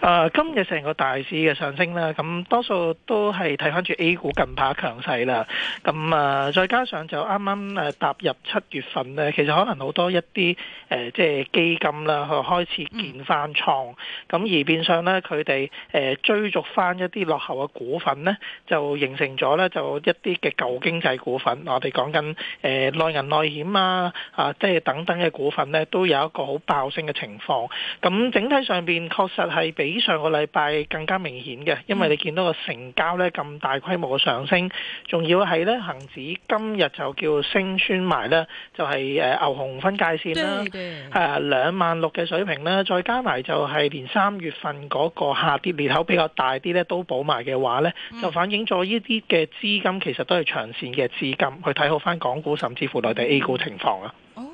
誒、啊、今日成個大市嘅上升啦，咁多數都係睇翻住 A 股近排強勢啦。咁啊，再加上就啱啱誒踏入七月份咧，其實可能好多一啲、呃、即係基金啦，佢開始建翻倉，咁而變相咧佢哋誒追逐翻一啲落後嘅股份咧，就形成咗咧就一啲嘅舊經濟股份，我哋講緊誒、呃、內銀內險啊啊，即係等等嘅股份咧，都有一個好爆升嘅情況。咁整體上面確實係比比上個禮拜更加明顯嘅，因為你見到個成交咧咁大規模嘅上升，仲要係咧恒指今日就叫升穿埋咧，就係、係、牛熊分界線啦、啊，誒兩萬六嘅水平啦、啊，再加埋就係連三月份嗰個下跌裂口比較大啲咧都補埋嘅話咧，就反映咗呢啲嘅資金其實都係長線嘅資金去睇好翻港股，甚至乎內地 A 股情況啊！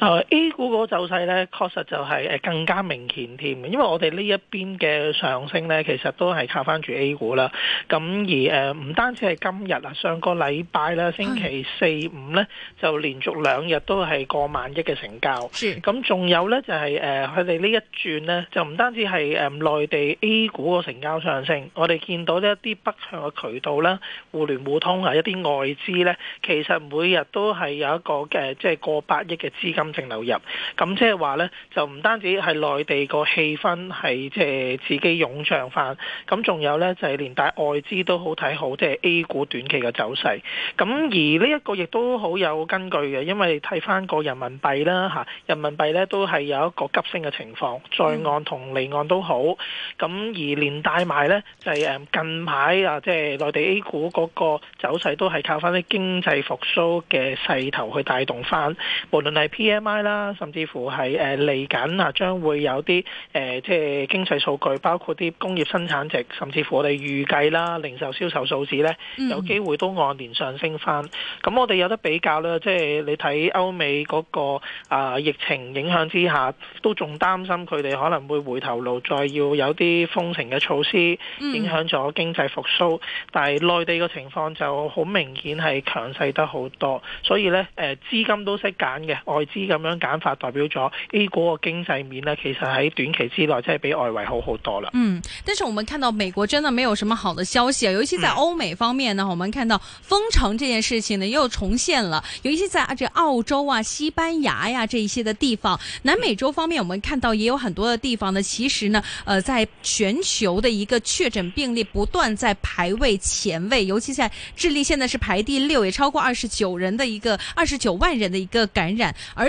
誒 A 股嗰個走勢咧，確實就係誒更加明顯添，因為我哋呢一邊嘅上升咧，其實都係靠翻住 A 股啦。咁而誒唔單止係今日啊，上個禮拜咧，星期四五咧，就連續兩日都係過萬億嘅成交。咁仲的有咧，就係誒佢哋呢一轉咧，就唔單止係誒內地 A 股個成交上升，我哋見到呢一啲北向嘅渠道啦，互聯互通啊，一啲外資咧，其實每日都係有一個嘅即係過百億嘅資金。淨流入，咁即係話呢，就唔單止係內地個氣氛係即係自己湧漲翻，咁仲有呢，就係連帶外資都好睇好，即係 A 股短期嘅走勢。咁而呢一個亦都好有根據嘅，因為睇翻個人民幣啦吓，人民幣呢都係有一個急升嘅情況，在岸同離岸都好。咁而連帶埋呢，就係誒近排啊，即係內地 A 股嗰個走勢都係靠翻啲經濟復甦嘅勢頭去帶動翻，無論係 P 啦，甚至乎係誒嚟緊啊，將會有啲誒、呃、即係經濟數據，包括啲工業生產值，甚至乎我哋預計啦，零售銷售數字咧，有機會都按年上升翻。咁、嗯、我哋有得比較啦，即係你睇歐美嗰、那個啊、呃、疫情影響之下，都仲擔心佢哋可能會回頭路，再要有啲封城嘅措施影響咗經濟復蘇，嗯、但係內地嘅情況就好明顯係強勢得好多，所以咧誒資金都識揀嘅外資。咁樣減法代表咗 A 股嘅經濟面呢，其實喺短期之內真係比外圍好好多啦。嗯，但是我們看到美國真的沒有什麼好的消息，啊，尤其在歐美方面呢，我們看到封城這件事情呢又重現了。尤其在啊，這澳洲啊、西班牙呀、啊、這一些的地方，南美洲方面，我們看到也有很多的地方呢。其實呢，呃，在全球的一個確診病例不斷在排位前位，尤其在智利，現在是排第六，也超過二十九人的，一個二十九萬人的一個感染，而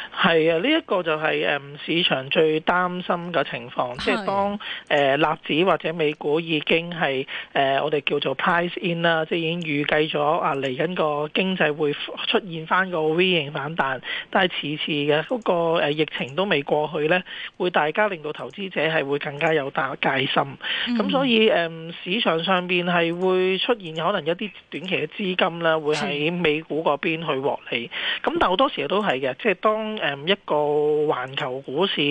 係啊，呢一、這個就係誒市場最擔心嘅情況，是的即係當誒納、呃、指或者美股已經係誒、呃、我哋叫做 price in 啦，即係已經預計咗啊嚟緊個經濟會出現翻個 V 型反彈，但係此次嘅嗰個疫情都未過去咧，會大家令到投資者係會更加有大戒心。咁、嗯、所以誒、呃、市場上邊係會出現可能一啲短期嘅資金啦，會喺美股嗰邊去獲利。咁的但好多時候都係嘅，即係當。誒一個環球股市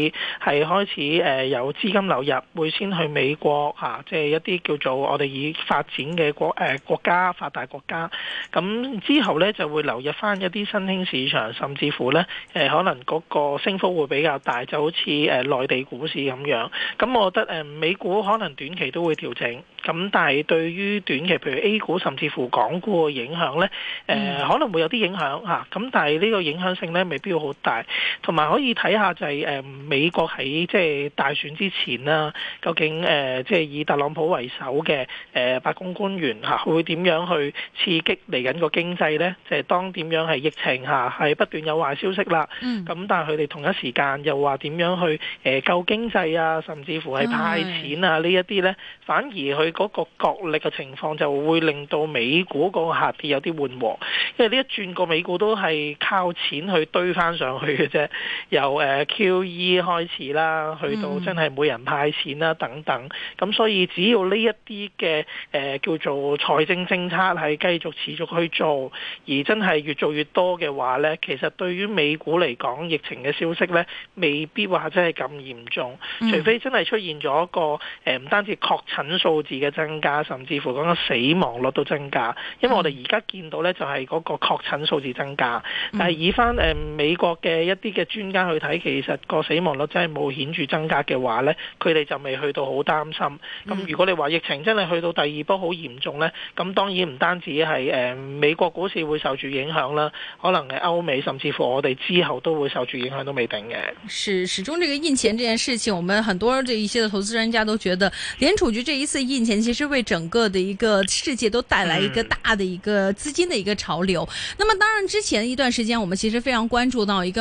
係開始誒有資金流入，會先去美國嚇，即係一啲叫做我哋已發展嘅國誒國家發達國家。咁之後呢就會流入翻一啲新興市場，甚至乎呢誒可能嗰個升幅會比較大，就好似誒內地股市咁樣。咁我覺得誒美股可能短期都會調整，咁但係對於短期譬如 A 股甚至乎港股嘅影響呢，誒可能會有啲影響嚇，咁但係呢個影響性呢未必要好大。同埋可以睇下就係誒美國喺即係大選之前啦，究竟誒即係以特朗普為首嘅誒白宮官員吓會點樣去刺激嚟緊個經濟咧？即係當點樣係疫情下係不斷有壞消息啦，咁、嗯、但係佢哋同一時間又話點樣去誒救經濟啊，甚至乎係派錢啊呢一啲咧，反而佢嗰個角力嘅情況就會令到美股個下跌有啲緩和，因為呢一轉個美股都係靠錢去堆翻上去。嗯、由誒 QE 開始啦，去到真係每人派錢啦等等，咁所以只要呢一啲嘅誒叫做財政政策係繼續持續去做，而真係越做越多嘅話咧，其實對於美股嚟講疫情嘅消息咧，未必話真係咁嚴重，嗯、除非真係出現咗一個誒唔、呃、單止確診數字嘅增加，甚至乎講個死亡率都增加，因為我哋而家見到咧就係、是、嗰個確診數字增加，但係以翻誒、呃、美國嘅。一啲嘅專家去睇，其實個死亡率真係冇顯著增加嘅話呢，佢哋就未去到好擔心。咁如果你話疫情真係去到第二波好嚴重呢，咁、嗯、當然唔單止係、呃、美國股市會受住影響啦，可能係歐美，甚至乎我哋之後都會受住影響都未定嘅。是，始終呢個印錢呢件事情，我們很多這一些的投資專家都覺得，聯儲局呢一次印錢，其實為整個嘅一個世界都帶來一個大的一個資金嘅一個潮流。嗯、那麼當然之前一段時間，我們其實非常關注到一個。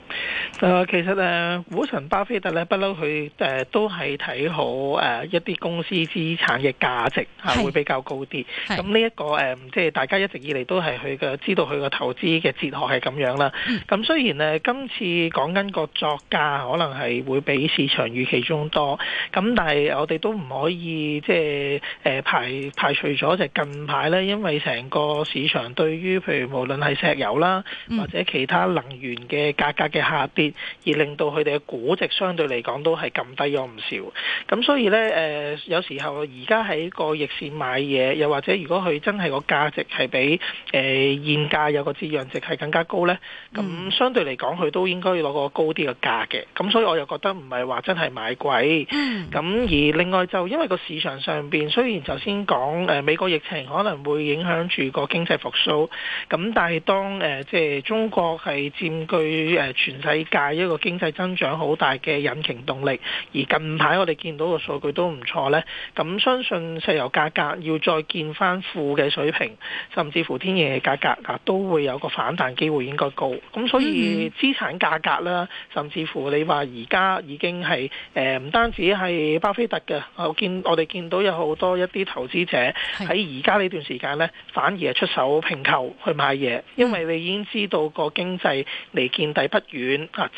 誒，其實誒，股神巴菲特咧，不嬲佢誒，都係睇好誒一啲公司資產嘅價值吓，是會比較高啲。咁呢一個誒，即係大家一直以嚟都係佢嘅知道佢個投資嘅哲學係咁樣啦。咁、嗯、雖然咧，今次講緊個作價可能係會比市場預期中多，咁但係我哋都唔可以即係誒排排除咗，就近排咧，因為成個市場對於譬如無論係石油啦、嗯、或者其他能源嘅價格嘅。下跌而令到佢哋嘅估值相對嚟講都係撳低咗唔少，咁所以咧誒、呃、有時候而家喺個逆市買嘢，又或者如果佢真係個價值係比誒、呃、現價有個折讓值係更加高咧，咁相對嚟講，佢都應該要攞個高啲嘅價嘅，咁所以我又覺得唔係話真係買貴，咁而另外就因為個市場上邊雖然頭先講誒、呃、美國疫情可能會影響住個經濟復蘇，咁但係當誒即係中國係佔據誒。呃全世界一個經濟增長好大嘅引擎動力，而近排我哋見到個數據都唔錯咧，咁相信石油價格要再見翻負嘅水平，甚至乎天然嘅價格啊，都會有個反彈機會應該高。咁所以資產價格啦，甚至乎你話而家已經係誒唔單止係巴菲特嘅，我見我哋見到有好多一啲投資者喺而家呢段時間咧，反而係出手併購，去買嘢，因為你已經知道個經濟離見底不遠。啊！嗯、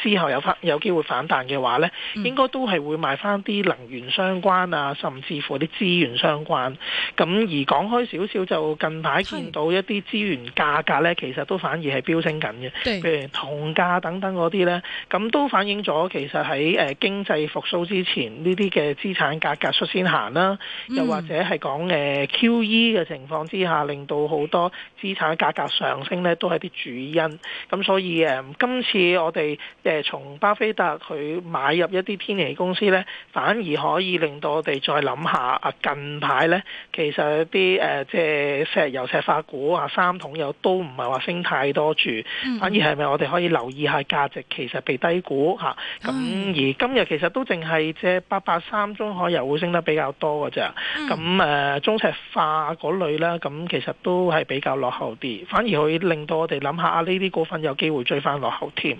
之後有翻有機會反彈嘅話呢，應該都係會買翻啲能源相關啊，甚至乎啲資源相關。咁而講開少少，就近排見到一啲資源價格呢，其實都反而係飆升緊嘅，譬是如銅價等等嗰啲呢。咁都反映咗其實喺誒、呃、經濟復甦之前呢啲嘅資產價格率先行啦、啊，嗯、又或者係講誒 QE 嘅情況之下，令到好多資產價格上升呢，都係啲主因。咁所以誒、呃、今次我。我哋從巴菲特佢買入一啲天然氣公司咧，反而可以令到我哋再諗下啊！近排咧，其實啲即、呃、石油石化股啊，三桶油都唔係話升太多住，反而係咪我哋可以留意下價值其實被低估咁、啊、而今日其實都淨係隻八八三中海油會升得比較多嘅啫。咁、啊、中石化嗰類咧，咁其實都係比較落後啲，反而會令到我哋諗下啊，呢啲股份有機會追翻落後添。啊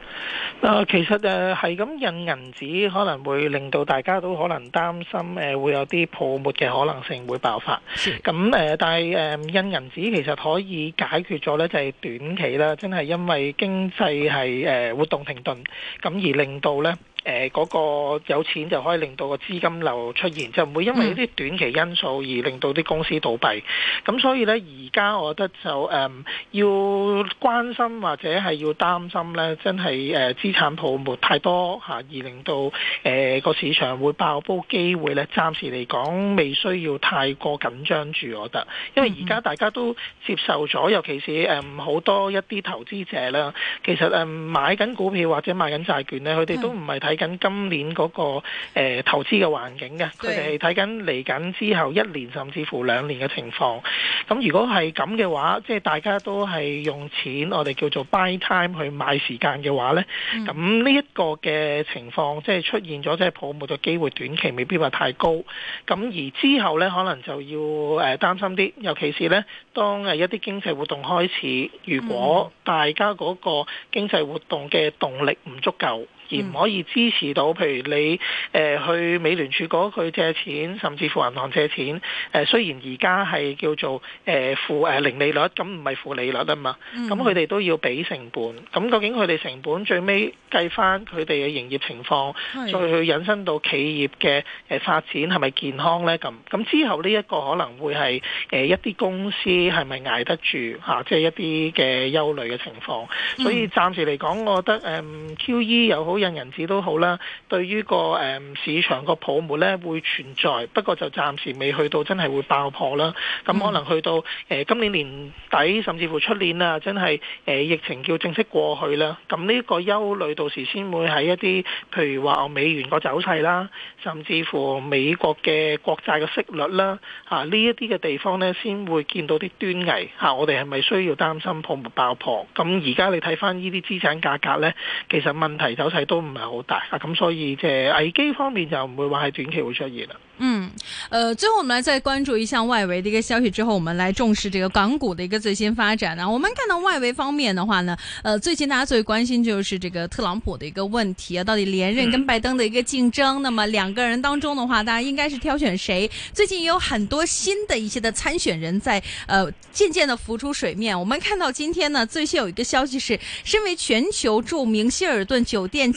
誒，其實誒係咁印銀紙可能會令到大家都可能擔心誒，會有啲泡沫嘅可能性會爆發。咁誒，但係誒印銀紙其實可以解決咗呢，就係短期啦，真係因為經濟係誒活動停頓，咁而令到呢。誒嗰、呃那個有錢就可以令到個資金流出現，就唔會因為呢啲短期因素而令到啲公司倒閉。咁所以呢，而家我覺得就誒、嗯、要關心或者係要擔心呢，真係誒、呃、資產泡沫太多、啊、而令到誒個、呃、市場會爆煲機會呢。暫時嚟講，未需要太過緊張住，我覺得。因為而家大家都接受咗，尤其是誒好、嗯、多一啲投資者啦。其實誒買緊股票或者買緊債券呢，佢哋都唔係睇睇緊今年嗰個誒投資嘅環境嘅，佢哋睇緊嚟緊之後一年甚至乎兩年嘅情況。咁如果係咁嘅話，即係大家都係用錢，我哋叫做 buy time 去買時間嘅話咧，咁呢一個嘅情況即係出現咗，即係泡沫嘅機會短期未必話太高。咁而之後呢，可能就要誒擔心啲，尤其是咧，當一啲經濟活動開始，如果大家嗰個經濟活動嘅動力唔足夠。而唔可以支持到，譬如你誒、呃、去美聯儲嗰度借錢，甚至乎銀行借錢誒、呃、雖然而家係叫做誒負誒零利率，咁唔係負利率啊嘛。咁佢哋都要俾成本。咁究竟佢哋成本最尾計翻佢哋嘅營業情況，的再去引申到企業嘅誒發展係咪健康咧？咁咁之後呢一個可能會係誒、呃、一啲公司係咪捱得住吓，即、啊、係、就是、一啲嘅憂慮嘅情況，所以暫時嚟講我覺得誒、呃、QE 又好。引人注都好啦，對於個誒、嗯、市場個泡沫呢會存在，不過就暫時未去到真係會爆破啦。咁可能去到誒、呃、今年年底甚至乎出年啊，真係誒、呃、疫情叫正式過去啦。咁呢個憂慮到時先會喺一啲，譬如話美元個走勢啦，甚至乎美國嘅國債嘅息率啦，吓呢一啲嘅地方呢先會見到啲端倪吓、啊，我哋係咪需要擔心泡沫爆破？咁而家你睇翻呢啲資產價格呢，其實問題走勢。都唔係好大啊，咁所以即係危機方面就唔會話係短期會出現啦。嗯，呃，最後我們來再關注一下外圍的一個消息之後，我們來重視這個港股的一個最新發展啊。我們看到外圍方面的話呢，呃，最近大家最關心就是這個特朗普的一個問題啊，到底連任跟拜登的一個競爭，嗯、那麼兩個人當中的話，大家應該是挑選誰？最近也有很多新的一些的參選人在，呃漸漸的浮出水面。我們看到今天呢，最新有一個消息是，身為全球著名希爾頓酒店。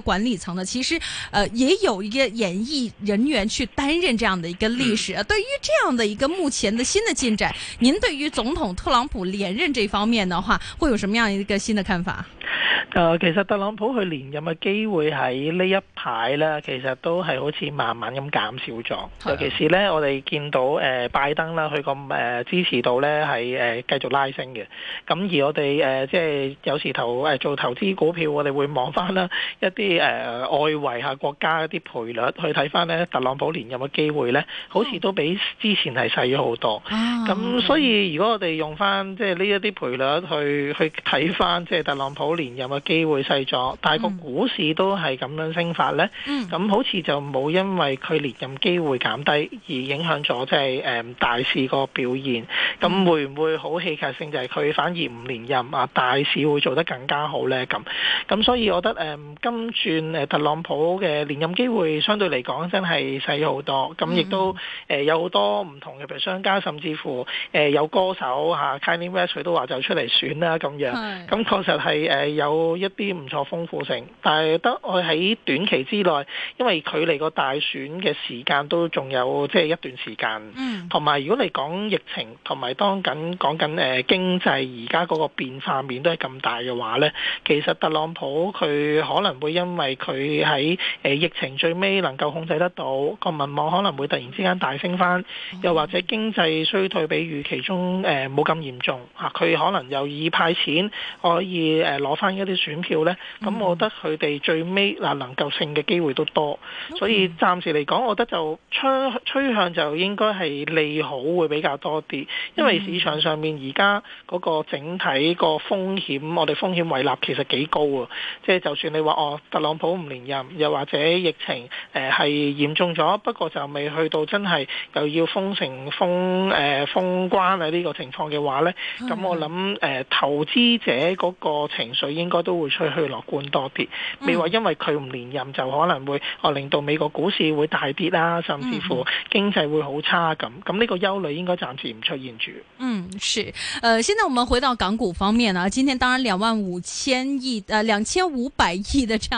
管理層呢，其實，呃，也有一個演藝人員去擔任這樣的一個歷史。對於這樣的一個目前的新的進展，您對於總統特朗普連任這方面的話，會有什麼樣一個新的看法？呃，其實特朗普佢連任嘅機會喺呢一排呢，其實都係好似慢慢咁減少咗。是的。尤其是呢，我哋見到誒、呃、拜登啦，佢個誒支持度呢係誒、呃、繼續拉升嘅。咁而我哋誒、呃、即係有時投誒、呃、做投資股票，我哋會望翻啦一。啲誒、呃、外圍嚇國家一啲賠率去睇翻咧，特朗普連任嘅機會咧，好似都比之前係細咗好多。咁所以如果我哋用翻即係呢一啲賠率去去睇翻，即、就、係、是、特朗普連任嘅機會細咗，但係個股市都係咁樣升法咧。咁、嗯、好似就冇因為佢連任機會減低而影響咗即係誒大市個表現。咁、嗯、會唔會好戲劇性就係佢反而唔連任啊，大市會做得更加好咧？咁咁所以我覺得誒、嗯、今。轉誒特朗普嘅連任機會相對嚟講真係細咗好多。咁亦都誒有好多唔同嘅，譬如商家，甚至乎誒有歌手吓 Kanye West 佢都話就出嚟選啦咁樣，咁確實係誒有一啲唔錯豐富性，但係得我喺短期之內，因為佢離個大選嘅時間都仲有即係一段時間，同埋如果你講疫情，同埋當緊講緊誒經濟，而家嗰個變化面都係咁大嘅話咧，其實特朗普佢可能會。因為佢喺疫情最尾能夠控制得到個民望可能會突然之間大升翻，又或者經濟衰退比預期中誒冇咁嚴重嚇，佢、啊、可能又以派錢可以誒攞翻一啲選票呢。咁我覺得佢哋最尾嗱能夠勝嘅機會都多，所以暫時嚟講，我覺得就趨趨向就應該係利好會比較多啲，因為市場上面而家嗰個整體個風險，我哋風險胃納其實幾高啊，即係就算你話哦。特朗普唔連任，又或者疫情誒係、呃、嚴重咗，不過就未去到真係又要封城封、封誒、呃、封關啊呢個情況嘅話呢，咁我諗誒、呃、投資者嗰個情緒應該都會吹去樂觀多啲，未話因為佢唔連任就可能會哦令到美國股市會大跌啦，甚至乎經濟會好差咁，咁呢個憂慮應該暫時唔出現住。嗯，是，誒、呃，現在我們回到港股方面啊，今天當然兩萬五千億，誒、呃，兩千五百億的這樣。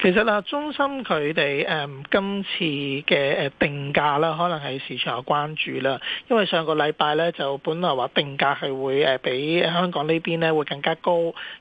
其實啊，中芯佢哋誒今次嘅誒定價啦，可能係市場有關注啦。因為上個禮拜咧就本來話定價係會誒比香港呢邊咧會更加高，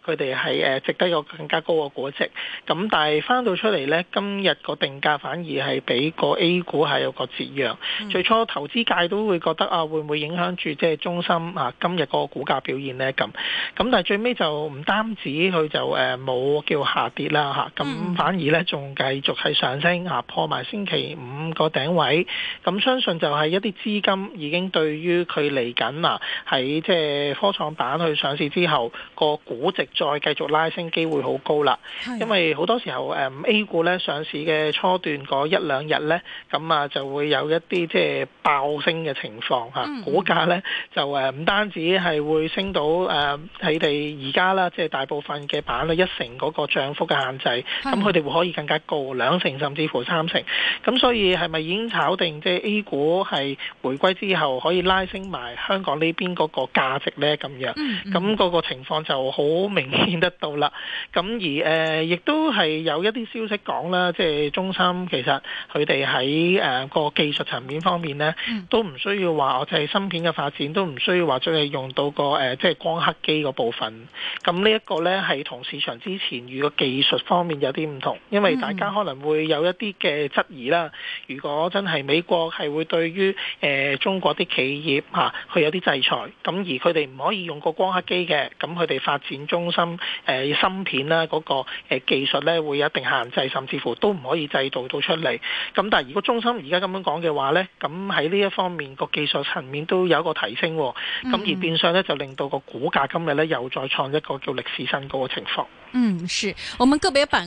佢哋係誒值得個更加高嘅估值。咁但係翻到出嚟咧，今日個定價反而係比個 A 股係有個折讓。最初投資界都會覺得啊，會唔會影響住即係中芯啊今日個股價表現咧咁。咁但係最尾就唔單止佢就誒冇叫下跌啦吓。咁反而咧，仲繼續係上升啊，破埋星期五個頂位。咁相信就係一啲資金已經對於佢嚟緊啊，喺即係科創板去上市之後，個估值再繼續拉升機會好高啦。因為好多時候誒、嗯、A 股咧上市嘅初段嗰一兩日咧，咁啊就會有一啲即係爆升嘅情況吓、啊，股價咧就唔單止係會升到誒喺哋而家啦，即係大部分嘅板率一成嗰個漲幅嘅限制。咁佢哋會可以更加高兩成甚至乎三成，咁所以係咪已經炒定即係 A 股係回歸之後可以拉升埋香港呢邊嗰個價值呢？咁樣，咁嗰個情況就好明顯得到啦。咁而亦、呃、都係有一啲消息講啦，即係中芯其實佢哋喺個技術層面方面呢，都唔需要話我哋係芯片嘅發展都唔需要話將係用到個即係、呃就係、光刻機嗰部分。咁呢一個呢，係同市場之前預個技術方面有啲唔同，因為大家可能會有一啲嘅質疑啦。如果真係美國係會對於誒、呃、中國啲企業吓，佢、啊、有啲制裁，咁而佢哋唔可以用個光刻機嘅，咁佢哋發展中芯誒、呃、芯片啦，嗰、嗰個誒、呃、技術咧會有一定限制，甚至乎都唔可以製造到出嚟。咁但係如果中芯而家咁樣講嘅話咧，咁喺呢一方面個技術層面都有一個提升，咁、嗯、而變相咧就令到個股價今日咧又再創一個叫歷史新高嘅情況。嗯，是，我們個別板。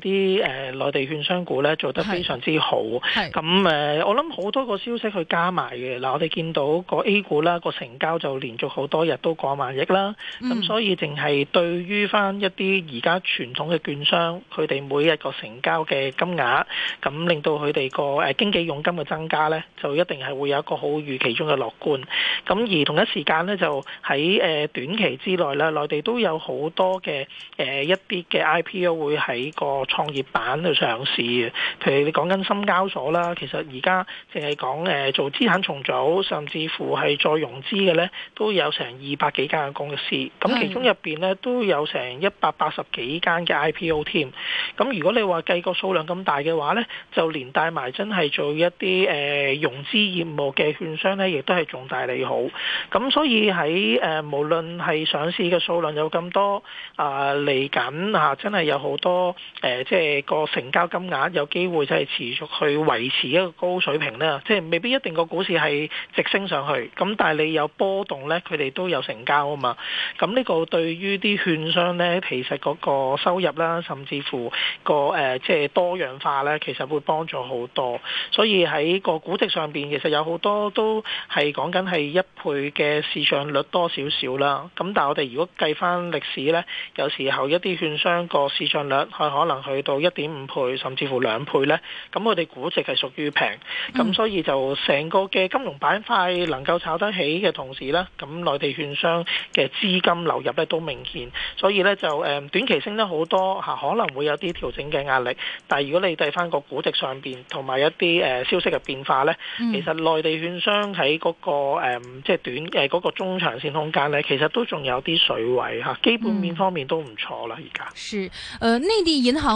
啲誒內地券商股咧做得非常之好，咁誒我諗好多個消息去加埋嘅，嗱我哋見到個 A 股啦，個成交就連續好多日都過萬億啦，咁所以淨係對於翻一啲而家傳統嘅券商，佢哋每日個成交嘅金額，咁令到佢哋個誒經紀佣金嘅增加咧，就一定係會有一個好預期中嘅樂觀。咁而同一時間咧，就喺誒短期之內咧，內地都有好多嘅誒一啲嘅 IPO 會喺個創業板去上市，譬如你講緊深交所啦，其實而家淨係講誒做資產重組，甚至乎係再融資嘅呢，都有成二百幾間嘅公司。咁其中入邊呢，都有成一百八十幾間嘅 IPO 添。咁如果你話計個數量咁大嘅話呢，就連帶埋真係做一啲誒融資業務嘅券商呢，亦都係重大利好。咁所以喺誒無論係上市嘅數量有咁多啊嚟緊啊，真係有好多誒。即係個成交金額有機會就係持續去維持一個高水平啦，即係未必一定個股市係直升上去，咁但係你有波動咧，佢哋都有成交啊嘛。咁呢個對於啲券商咧，其實嗰個收入啦，甚至乎個誒即係多樣化咧，其實會幫助好多。所以喺個估值上邊其實有好多都係講緊係一倍嘅市賬率多少少啦。咁但係我哋如果計翻歷史咧，有時候一啲券商個市賬率佢可能。去到一點五倍甚至乎兩倍呢，咁我哋估值係屬於平，咁、嗯、所以就成個嘅金融板塊能夠炒得起嘅同時呢，咁內地券商嘅資金流入呢都明顯，所以呢就誒短期升得好多吓，可能會有啲調整嘅壓力。但係如果你睇翻個估值上邊同埋一啲誒消息嘅變化呢，嗯、其實內地券商喺嗰、那個即係、嗯就是、短誒嗰、那個中長線空間呢，其實都仲有啲水位吓，基本面方面都唔錯啦而家。嗯、在是，誒、呃、內地銀行。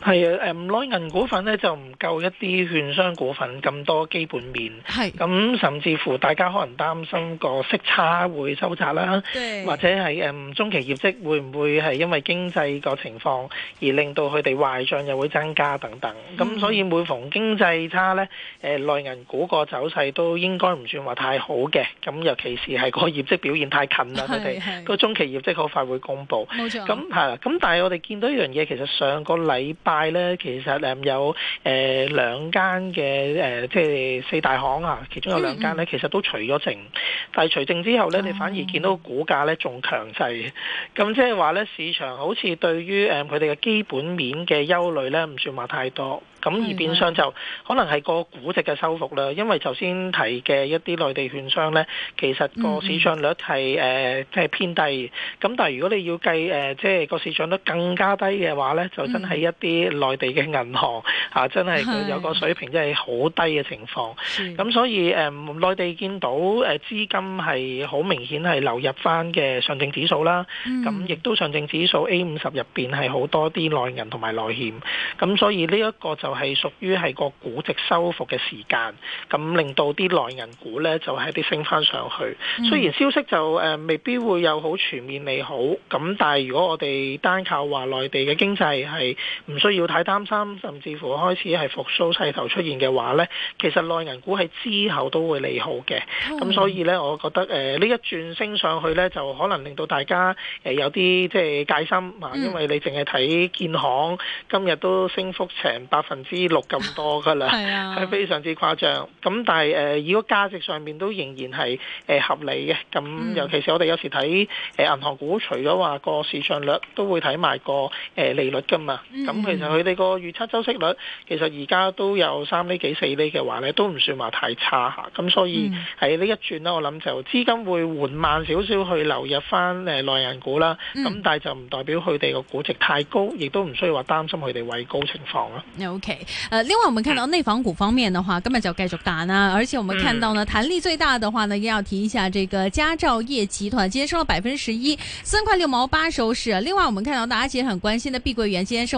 係啊，誒，內銀股份咧就唔夠一啲券商股份咁多基本面，係，咁甚至乎大家可能擔心個息差會收窄啦，或者係誒中期業績會唔會係因為經濟個情況而令到佢哋壞賬又會增加等等，咁所以每逢經濟差咧，誒，內銀股個走勢都應該唔算話太好嘅，咁尤其是係個業績表現太近啦，佢哋個中期業績好快會公布，冇錯，咁係啦，咁但係我哋見到一樣嘢，其實上個禮拜咧，其實誒有誒、呃、兩間嘅誒，即係四大行啊，其中有兩間咧，其實都除咗淨，但係除淨之後咧，你反而見到股價咧仲強勢，咁即係話咧，市場好似對於誒佢哋嘅基本面嘅憂慮咧，唔算話太多，咁而變相就可能係個估值嘅收復啦。因為頭先提嘅一啲內地券商咧，其實個市盈率係、呃、即係偏低，咁但係如果你要計誒、呃，即係個市盈率更加低嘅話咧，就真係。係一啲內地嘅銀行吓、啊，真係是有個水平真係好低嘅情況。咁是所以誒，呃、內地見到誒資金係好明顯係流入翻嘅上證指數啦。咁亦、嗯、都上證指數 A 五十入邊係好多啲內銀同埋內險。咁所以呢一個就係屬於係個估值收復嘅時間。咁令到啲內銀股咧就係、是、啲升翻上去。嗯、雖然消息就誒、呃、未必會有好全面利好。咁但係如果我哋單靠話內地嘅經濟係，唔需要太擔心，甚至乎開始係復蘇勢頭出現嘅話呢，其實內銀股係之後都會利好嘅。咁、嗯、所以呢，我覺得呢、呃、一轉升上去呢，就可能令到大家、呃、有啲即係戒心啊，因為你淨係睇建行、嗯、今日都升幅成百分之六咁多噶啦，係、啊、非常之誇張。咁但係如果價值上面都仍然係、呃、合理嘅，咁、嗯、尤其是我哋有時睇、呃、銀行股，除咗話個市賬率都會睇埋個、呃、利率噶嘛。咁、嗯嗯、其實佢哋個預測週息率其實而家都有三厘幾四厘嘅話呢，都唔算話太差嚇。咁、嗯嗯、所以喺呢一轉呢，我諗就資金會緩慢少少去流入翻誒內銀股啦。咁、嗯嗯、但係就唔代表佢哋個估值太高，亦都唔需要話擔心佢哋畏高情況咯、啊。OK，誒、呃、另外我們看到內房股方面嘅話，今日、嗯、就繼續打啦。而且我們看到呢彈力最大的話呢，也要提一下這個佳兆業集團，今天升了百分之十一，三塊六毛八收市、啊。另外我們看到大家其實很關心嘅碧桂園，今天升。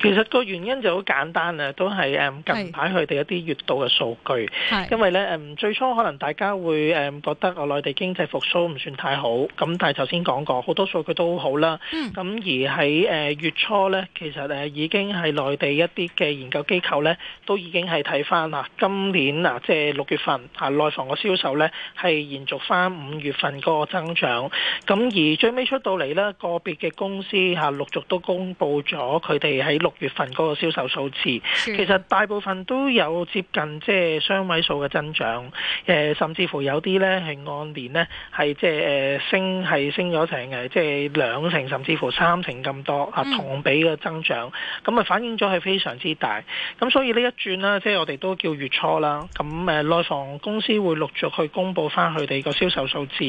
其實個原因就好簡單啦，都係近排佢哋一啲月度嘅數據。係因為咧最初可能大家會覺得我內地經濟復甦唔算太好，咁但係頭先講過好多數據都好啦，咁、嗯、而喺誒月初咧，其實已經係內地一啲嘅研究機構咧，都已經係睇翻啦，今年啊即係六月份啊內房嘅銷售咧係延續翻五月份嗰個增長，咁而最尾出到嚟咧個別嘅公司嚇陸續都公布咗佢哋。喺六月份嗰個銷售數字，其實大部分都有接近即係雙位數嘅增長，誒甚至乎有啲咧係按年咧係即係誒升，係升咗成誒即係兩成，甚至乎三成咁多啊同比嘅增長，咁啊反映咗係非常之大。咁所以呢一轉啦，即係我哋都叫月初啦，咁誒內房公司會陸續去公布翻佢哋個銷售數字。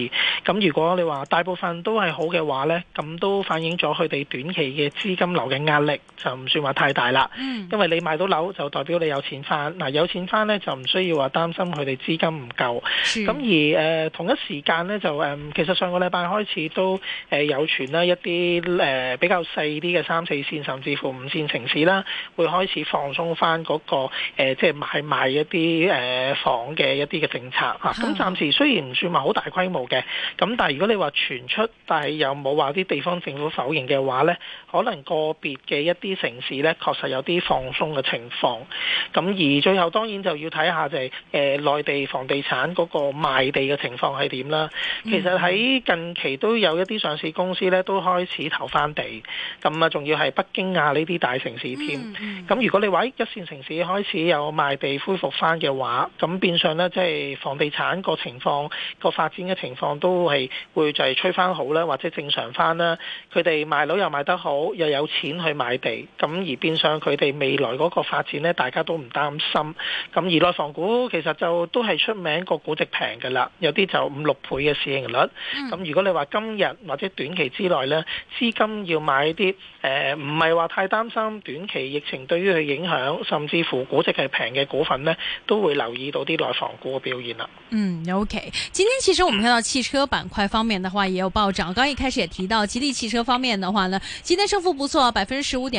咁如果你話大部分都係好嘅話咧，咁都反映咗佢哋短期嘅資金流嘅壓力。就唔算話太大啦，嗯、因為你買到樓就代表你有錢翻。嗱、啊，有錢翻呢就唔需要話擔心佢哋資金唔夠。咁、嗯、而、呃、同一時間呢，就、呃、其實上個禮拜開始都有傳啦一啲誒、呃、比較細啲嘅三四線甚至乎五線城市啦，會開始放鬆翻、嗰個即係買賣一啲、呃、房嘅一啲嘅政策嚇。咁、啊、暫時雖然唔算話好大規模嘅，咁但係如果你話傳出，但係又冇話啲地方政府否認嘅話呢，可能個別嘅一啲，啲城市呢，確實有啲放鬆嘅情況，咁而最後當然就要睇下就係、是呃、內地房地產嗰個賣地嘅情況係點啦。嗯、其實喺近期都有一啲上市公司呢，都開始投翻地，咁啊仲要係北京啊呢啲大城市添。咁、嗯嗯、如果你話一線城市開始有賣地恢復翻嘅話，咁變相呢，即、就、係、是、房地產個情況個發展嘅情況都係會就係吹翻好啦，或者正常翻啦。佢哋賣樓又賣得好，又有錢去買地。咁而變相佢哋未來嗰個發展呢，大家都唔擔心。咁而內房股其實就都係出名個估值平噶啦，有啲就五六倍嘅市盈率。咁、嗯、如果你話今日或者短期之內呢，資金要買啲誒，唔係話太擔心短期疫情對於佢影響，甚至乎估值係平嘅股份呢，都會留意到啲內房股嘅表現啦。嗯，OK。今天其實我們看到汽車板塊方面嘅話，也有暴漲。剛、嗯、一開始也提到吉利汽車方面嘅話呢，今天升幅不錯，百分之十五點。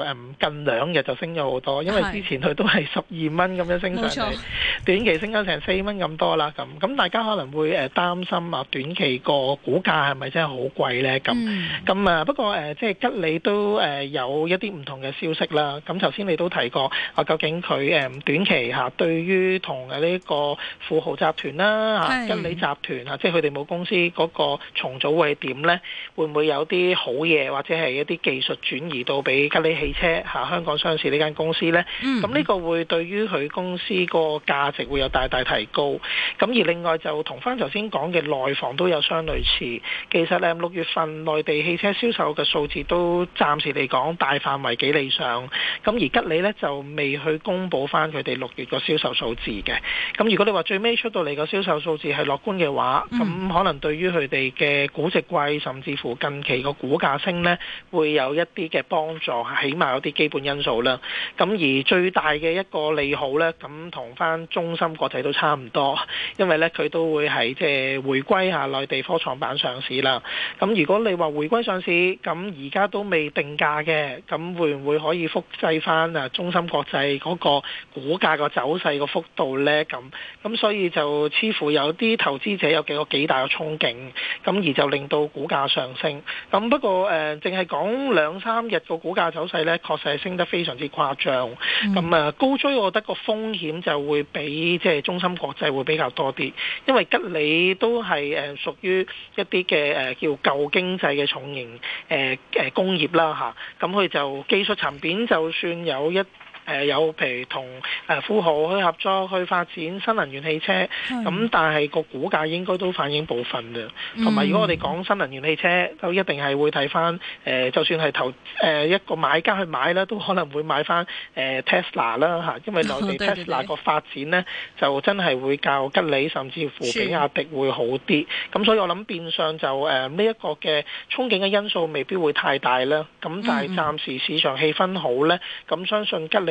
誒近兩日就升咗好多，因為之前佢都係十二蚊咁樣升上去，短期升咗成四蚊咁多啦。咁咁大家可能會誒擔心啊，短期個股價係咪真係好貴咧？咁咁啊，不過誒，即係吉利都誒有一啲唔同嘅消息啦。咁頭先你都提過啊，究竟佢誒短期嚇對於同嘅呢個富豪集團啦、吉利集團啊，即係佢哋母公司嗰個重組會點咧？會唔會有啲好嘢或者係一啲技術轉移到俾吉利汽車吓，香港上市呢間公司呢，咁呢個會對於佢公司個價值會有大大提高。咁而另外就同翻頭先講嘅內房都有相類似。其實呢，六月份內地汽車銷售嘅數字都暫時嚟講大範圍幾理想。咁而吉利呢，就未去公布翻佢哋六月個銷售數字嘅。咁如果你話最尾出到嚟個銷售數字係樂觀嘅話，咁可能對於佢哋嘅估值貴，甚至乎近期個股價升呢，會有一啲嘅幫助。起有啲基本因素啦，咁而最大嘅一個利好咧，咁同翻中芯國際都差唔多，因為咧佢都會係即係迴歸下內地科創板上市啦。咁如果你話迴歸上市，咁而家都未定價嘅，咁會唔會可以複製翻啊中芯國際嗰個股價個走勢個幅度咧？咁咁所以就似乎有啲投資者有幾個幾大嘅憧憬，咁而就令到股價上升。咁不過誒，淨係講兩三日個股價走勢咧。確、嗯、實係升得非常之誇張，咁啊高追，我覺得個風險就會比即係中心國際會比較多啲，因為吉利都係誒屬於一啲嘅誒叫舊經濟嘅重型誒誒工業啦吓，咁佢就技術層面就算有一。誒有譬如同誒富豪去合作去發展新能源汽車，咁的但係個股價應該都反映部分嘅。同埋、嗯、如果我哋講新能源汽車，都一定係會睇翻誒，就算係投誒、呃、一個買家去買咧，都可能會買翻誒 Tesla 啦吓，因為內地 Tesla 個發展咧 就真係會較吉利甚至乎比亞迪會好啲。咁的所以我諗變相就誒呢一個嘅憧憬嘅因素未必會太大啦。咁但係暫時市場氣氛好咧，咁、嗯嗯、相信吉利。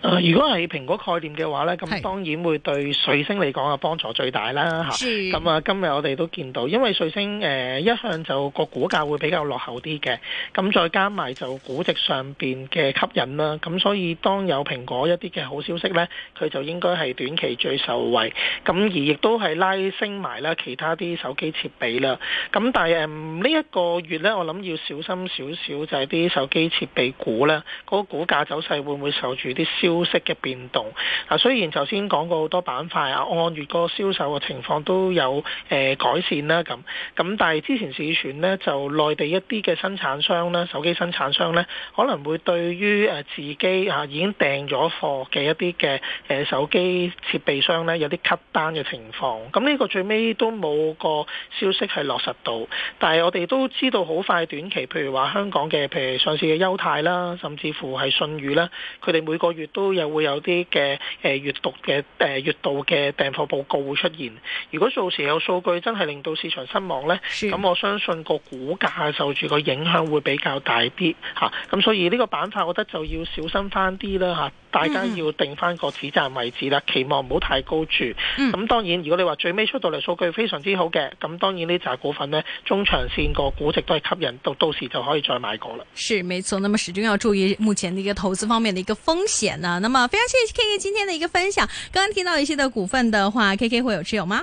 誒、呃，如果係蘋果概念嘅話咧，咁是當然會對瑞聲嚟講啊幫助最大啦吓。咁是啊，今日我哋都見到，因為瑞聲誒、呃、一向就個股價會比較落後啲嘅，咁再加埋就估值上邊嘅吸引啦。咁所以當有蘋果一啲嘅好消息咧，佢就應該係短期最受惠。咁而亦都係拉升埋啦，其他啲手機設備啦。咁但係誒呢一個月咧，我諗要小心少少，就係啲手機設備股咧，嗰、那個、股價走勢會唔會受住？啲消息嘅變動，啊，雖然頭先講過好多板塊啊，按月嗰個銷售嘅情況都有改善啦，咁，咁但係之前市傳咧就內地一啲嘅生產商啦，手機生產商咧可能會對於自己已經訂咗貨嘅一啲嘅手機設備商咧有啲 cut 單嘅情況，咁呢個最尾都冇個消息係落實到，但係我哋都知道好快短期，譬如話香港嘅譬如上市嘅優泰啦，甚至乎係信譽啦，佢哋每個。個月都又會有啲嘅誒月度嘅誒月度嘅訂貨報告會出現。如果到時有數據真係令到市場失望呢，咁的我相信個股價受住個影響會比較大啲吓。咁、啊、所以呢個板塊，我覺得就要小心翻啲啦吓。啊嗯、大家要定翻個止賺位置啦，期望唔好太高住。咁、嗯、當然，如果你話最尾出到嚟數據非常之好嘅，咁當然呢隻股份呢，中長線個估值都係吸引，到到時就可以再買過啦。係沒錯，那麼始終要注意目前呢一個投資方面的一個風險啊。那麼非常謝謝 K K 今天的一個分享。剛剛聽到一些的股份的話，K K 會有持有嗎？